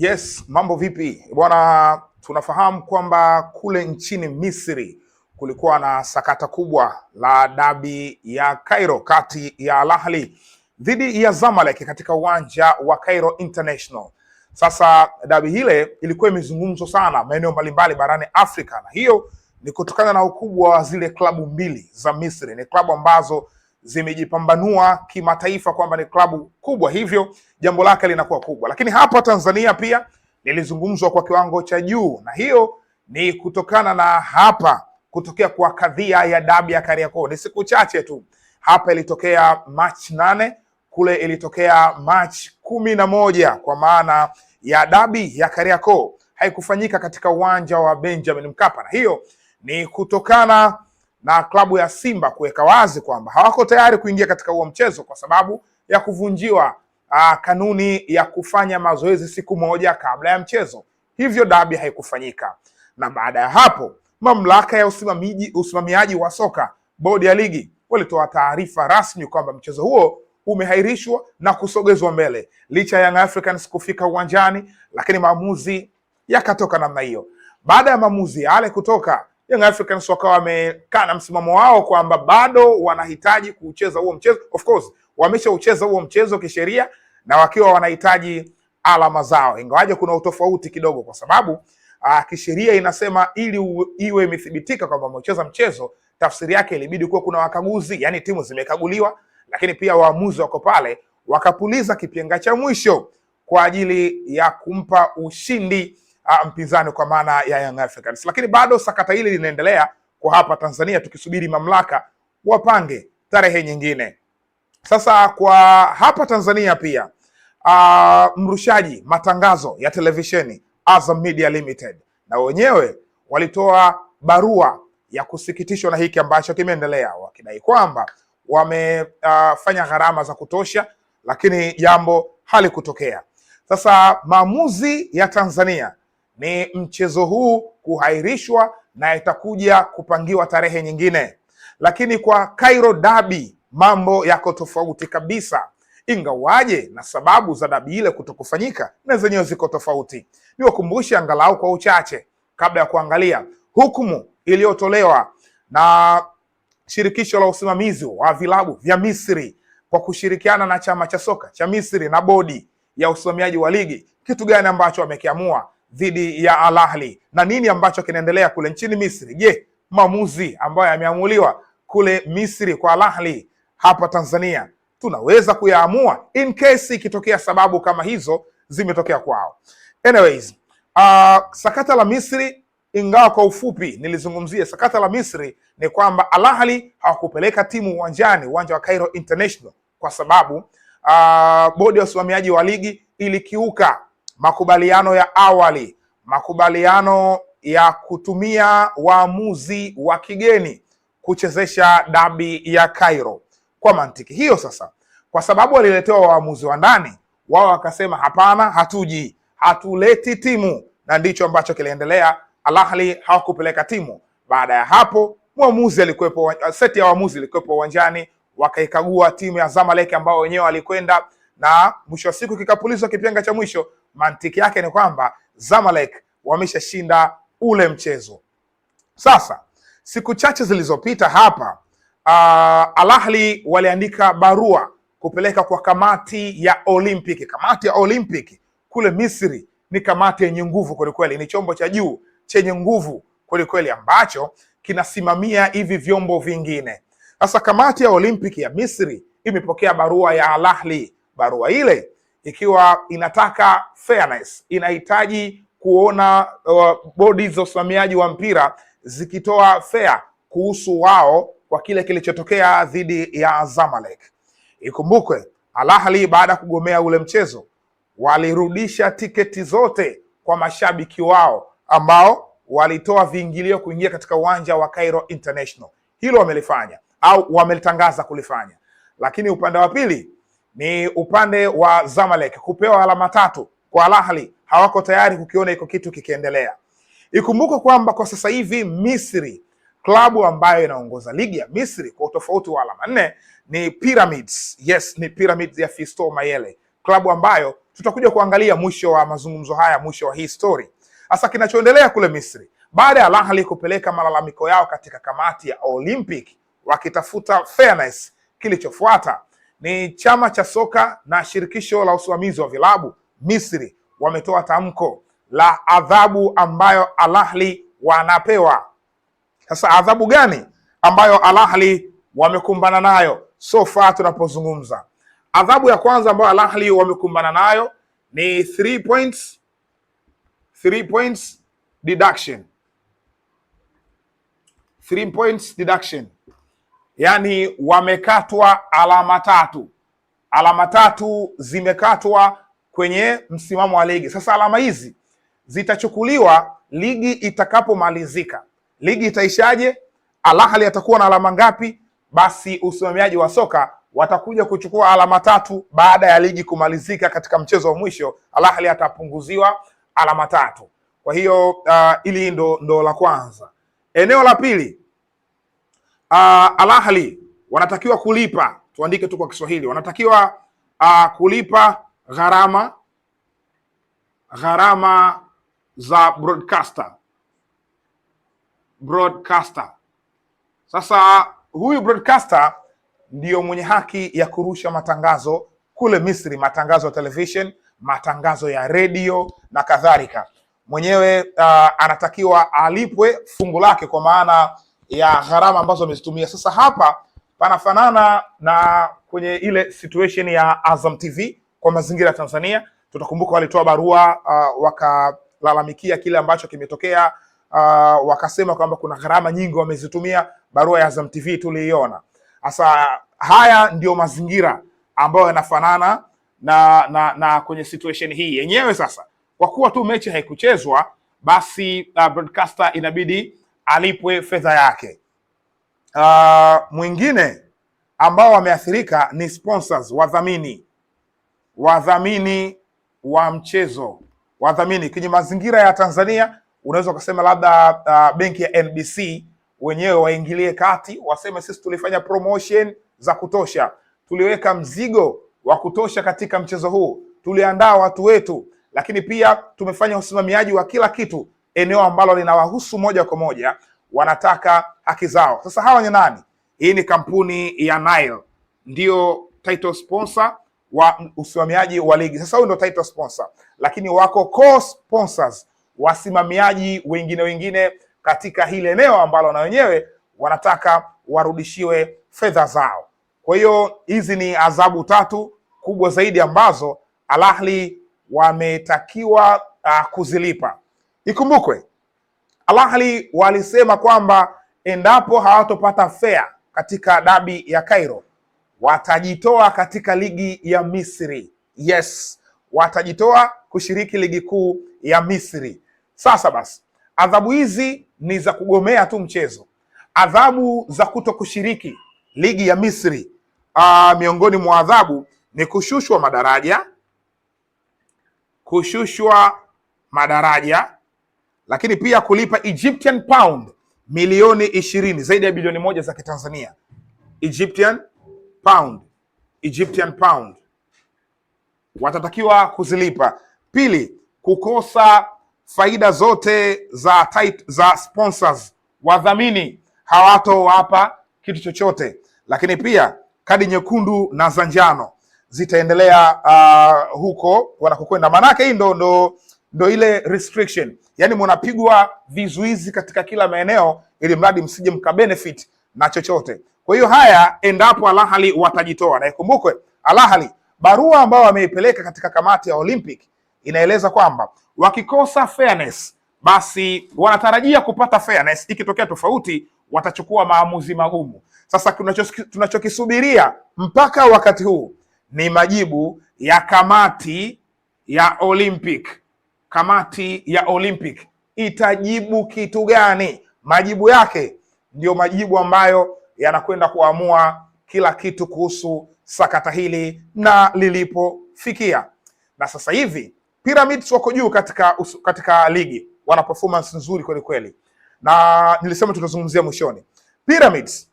Yes, mambo vipi bwana? Tunafahamu kwamba kule nchini Misri kulikuwa na sakata kubwa la dabi ya Cairo kati ya Al Ahly dhidi ya Zamalek katika uwanja wa Cairo International. Sasa dabi hile ilikuwa imezungumzwa sana maeneo mbalimbali barani Afrika, na hiyo ni kutokana na ukubwa wa zile klabu mbili za Misri. Ni klabu ambazo zimejipambanua kimataifa kwamba ni klabu kubwa, hivyo jambo lake linakuwa kubwa. Lakini hapa Tanzania pia lilizungumzwa kwa kiwango cha juu, na hiyo ni kutokana na hapa kutokea kwa kadhia ya dabi ya Kariakoo. Ni siku chache tu, hapa ilitokea Machi nane, kule ilitokea Machi kumi na moja, kwa maana ya dabi ya Kariakoo haikufanyika katika uwanja wa Benjamin Mkapa, na hiyo ni kutokana na klabu ya Simba kuweka wazi kwamba hawako tayari kuingia katika huo mchezo kwa sababu ya kuvunjiwa aa, ah, kanuni ya kufanya mazoezi siku moja kabla ya mchezo, hivyo dabi haikufanyika. Na baada ya hapo, mamlaka ya usimamizi, usimamiaji wa soka bodi ya ligi walitoa taarifa rasmi kwamba mchezo huo umehairishwa na kusogezwa mbele licha ya Young Africans kufika uwanjani, lakini maamuzi yakatoka namna hiyo. Baada ya maamuzi yale kutoka Young Africans wakawa wamekaa na msimamo wao kwamba bado wanahitaji kucheza huo mchezo. Of course wameshaucheza huo mchezo kisheria na wakiwa wanahitaji alama zao, ingawaje kuna utofauti kidogo, kwa sababu uh, kisheria inasema ili u, iwe imethibitika kwamba wamecheza mchezo, tafsiri yake ilibidi kuwa kuna wakaguzi, yani timu zimekaguliwa, lakini pia waamuzi wako pale wakapuliza kipenga cha mwisho kwa ajili ya kumpa ushindi uh, mpinzani kwa maana ya Young Africans, lakini bado sakata hili linaendelea kwa hapa Tanzania, tukisubiri mamlaka wapange tarehe nyingine. Sasa kwa hapa Tanzania pia uh, mrushaji matangazo ya televisheni Azam Media Limited na wenyewe walitoa barua ya kusikitishwa na hiki ambacho kimeendelea, wakidai kwamba wamefanya ah, uh, gharama za kutosha, lakini jambo halikutokea. Sasa maamuzi ya Tanzania ni mchezo huu kuhairishwa na itakuja kupangiwa tarehe nyingine. Lakini kwa Cairo Derby mambo yako tofauti kabisa, ingawaje na sababu za dabi ile kutokufanyika na zenyewe ziko tofauti. Niwakumbushe angalau kwa uchache kabla ya kuangalia hukumu iliyotolewa na shirikisho la usimamizi wa vilabu vya Misri kwa kushirikiana na chama cha soka cha Misri na bodi ya usimamiaji wa ligi, kitu gani ambacho wamekiamua dhidi ya Al na nini ambacho kinaendelea kule nchini Misri. Je, maamuzi ambayo yameamuliwa kule Misri kwa Al hapa Tanzania tunaweza kuyaamua in case ikitokea sababu kama hizo zimetokea kwao. Anyways, uh, sakata la Misri ingawa kwa ufupi nilizungumzia sakata la Misri ni kwamba Al Ahly hawakupeleka timu uwanjani, uwanja wa Cairo International kwa sababu uh, bodi ya usimamiaji wa ligi ilikiuka makubaliano ya awali, makubaliano ya kutumia waamuzi wa kigeni kuchezesha dabi ya Cairo. Kwa mantiki hiyo sasa, kwa sababu waliletewa waamuzi wa ndani, wao wakasema hapana, hatuji, hatuleti timu, na ndicho ambacho kiliendelea. Al Ahly hawakupeleka timu. Baada ya hapo, mwamuzi alikuwepo, seti ya waamuzi ilikuwepo uwanjani, wakaikagua timu ya Zamalek ambao wenyewe walikwenda, na mwisho wa siku kikapulizwa kipenga cha mwisho mantiki yake ni kwamba Zamalek wameshashinda ule mchezo. Sasa siku chache zilizopita hapa uh, Al Ahly waliandika barua kupeleka kwa kamati ya Olympic. Kamati ya Olympic kule Misri ni kamati yenye nguvu kwelikweli, ni chombo cha juu chenye nguvu kwelikweli ambacho kinasimamia hivi vyombo vingine. Sasa kamati ya Olympic ya Misri imepokea barua ya Al Ahly. Barua ile ikiwa inataka fairness, inahitaji kuona uh, bodi za usimamiaji wa mpira zikitoa fair kuhusu wao kwa kile kilichotokea dhidi ya Zamalek. Ikumbukwe Al Ahly baada ya kugomea ule mchezo walirudisha tiketi zote kwa mashabiki wao ambao walitoa viingilio kuingia katika uwanja wa Cairo International. Hilo wamelifanya au wamelitangaza kulifanya, lakini upande wa pili ni upande wa Zamalek kupewa alama tatu kwa Al Ahly, hawako tayari kukiona iko kitu kikiendelea. Ikumbuke kwamba kwa sasa hivi Misri klabu ambayo inaongoza ligi ya Misri kwa utofauti wa alama nne ni Pyramids. Yes, ni Pyramids ya Fisto Mayele, klabu ambayo tutakuja kuangalia mwisho wa mazungumzo haya, mwisho wa hii story. Sasa kinachoendelea kule Misri baada ya Al Ahly kupeleka malalamiko yao katika kamati ya Olympic wakitafuta fairness, kilichofuata ni chama cha soka na shirikisho la usimamizi wa vilabu Misri wametoa tamko la adhabu ambayo Al Ahly wanapewa. Sasa adhabu gani ambayo Al Ahly wamekumbana nayo so far tunapozungumza? Adhabu ya kwanza ambayo Al Ahly wamekumbana nayo ni 3 points, 3 points deduction, 3 points deduction yaani wamekatwa alama tatu, alama tatu zimekatwa kwenye msimamo wa ligi. Sasa alama hizi zitachukuliwa ligi itakapomalizika. Ligi itaishaje? Al Ahly atakuwa na alama ngapi? Basi usimamiaji wa soka watakuja kuchukua alama tatu baada ya ligi kumalizika. Katika mchezo wa mwisho Al Ahly atapunguziwa alama tatu. Kwa hiyo uh, ili ndo, ndo la kwanza. Eneo la pili uh, ah, Al Ahly wanatakiwa kulipa, tuandike tu kwa Kiswahili, wanatakiwa uh, kulipa gharama gharama za broadcaster broadcaster. Sasa huyu broadcaster ndiyo mwenye haki ya kurusha matangazo kule Misri, matangazo ya television, matangazo ya redio na kadhalika. Mwenyewe uh, anatakiwa alipwe fungu lake kwa maana ya gharama ambazo wamezitumia. Sasa hapa panafanana na kwenye ile situation ya Azam TV kwa mazingira ya Tanzania. Tutakumbuka walitoa barua uh, wakalalamikia kile ambacho kimetokea uh, wakasema kwamba kuna gharama nyingi wamezitumia. Barua ya Azam TV tuliiona. Sasa haya ndiyo mazingira ambayo yanafanana na, na, na kwenye situation hii yenyewe. Sasa kwa kuwa tu mechi haikuchezwa basi uh, broadcaster inabidi alipwe fedha yake. Uh, mwingine ambao wameathirika ni sponsors, wadhamini, wadhamini wa mchezo, wadhamini. Kwenye mazingira ya Tanzania unaweza ukasema labda uh, benki ya NBC wenyewe waingilie kati, waseme sisi tulifanya promotion za kutosha, tuliweka mzigo wa kutosha katika mchezo huu, tuliandaa watu wetu, lakini pia tumefanya usimamiaji wa kila kitu eneo ambalo linawahusu moja kwa moja, wanataka haki zao. Sasa hawa ni nani? Hii ni kampuni ya Nile, ndio title sponsor wa usimamiaji wa ligi. Sasa huyu ndio title sponsor, lakini wako co-sponsors, wasimamiaji wengine wengine katika hili eneo ambalo na wenyewe wanataka warudishiwe fedha zao. Kwa hiyo hizi ni adhabu tatu kubwa zaidi ambazo Al Ahly wametakiwa uh, kuzilipa. Ikumbukwe Al Ahly walisema kwamba endapo hawatopata fea katika dabi ya Cairo watajitoa katika ligi ya Misri. Yes, watajitoa kushiriki ligi kuu ya Misri. Sasa basi, adhabu hizi ni za kugomea tu mchezo, adhabu za kuto kushiriki ligi ya Misri. Aa, ah, miongoni mwa adhabu ni kushushwa madaraja, kushushwa madaraja lakini pia kulipa Egyptian pound milioni ishirini zaidi ya bilioni moja za Kitanzania. Egyptian pound, Egyptian pound watatakiwa kuzilipa. Pili, kukosa faida zote za tight, za sponsors, wadhamini hapa kitu chochote, lakini pia kadi nyekundu na za njano zitaendelea uh, huko wanakokwenda, maanake hii ndo ndo ndo ile restriction, yani mnapigwa vizuizi katika kila maeneo, ili mradi msije mkabenefit na chochote. Kwa hiyo haya, endapo alahali watajitoa, na ikumbukwe Alahali, barua ambayo wameipeleka katika kamati ya Olympic inaeleza kwamba wakikosa fairness, basi wanatarajia kupata fairness. Ikitokea tofauti, watachukua maamuzi magumu. Sasa tunachokisubiria mpaka wakati huu ni majibu ya kamati ya Olympic kamati ya Olympic itajibu kitu gani? Majibu yake ndiyo majibu ambayo yanakwenda kuamua kila kitu kuhusu sakata hili na lilipofikia. Na sasa hivi Pyramids wako juu katika, katika ligi, wana performance nzuri kweli kweli, na nilisema tutazungumzia mwishoni Pyramids.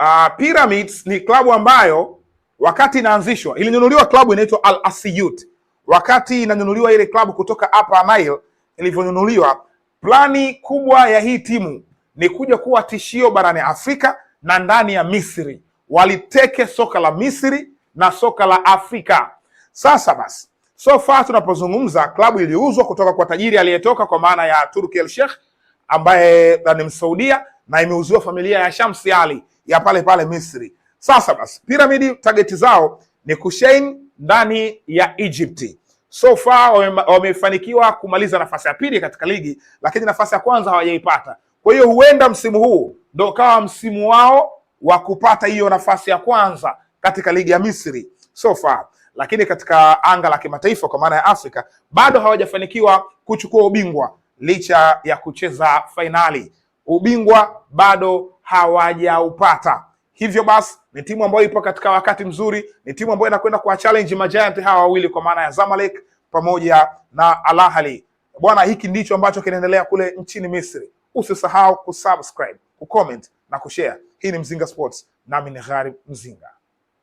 Uh, Pyramids ni klabu ambayo wakati inaanzishwa ilinunuliwa klabu inaitwa Al Asiyut wakati inanunuliwa ile klabu kutoka Upper Nile, ilivyonunuliwa, plani kubwa ya hii timu ni kuja kuwa tishio barani Afrika na ndani ya Misri, waliteke soka la Misri na soka la Afrika. Sasa basi, so far tunapozungumza, klabu iliuzwa kutoka kwa tajiri aliyetoka kwa maana ya Turki El Sheikh ambaye ni Msaudia na imeuziwa familia ya Shamsi Ali ya pale pale Misri. Sasa basi, Piramidi target zao ni kushine ndani ya Egypt. So far wamefanikiwa kumaliza nafasi ya pili katika ligi, lakini nafasi ya kwanza hawajaipata. Kwa hiyo huenda msimu huu ndo ukawa msimu wao wa kupata hiyo nafasi ya kwanza katika ligi ya Misri so far, lakini katika anga la kimataifa kwa maana ya Afrika bado hawajafanikiwa kuchukua ubingwa licha ya kucheza fainali, ubingwa bado hawajaupata. Hivyo basi ni timu ambayo ipo katika wakati mzuri, ni timu ambayo inakwenda kuwa challenge majiant hawa wawili kwa maana ya Zamalek pamoja na Al Ahly. Bwana, hiki ndicho ambacho kinaendelea kule nchini Misri. Usisahau kusubscribe, kucomment na kushare. Hii ni Mzinga Sports, nami ni Gharib Mzinga.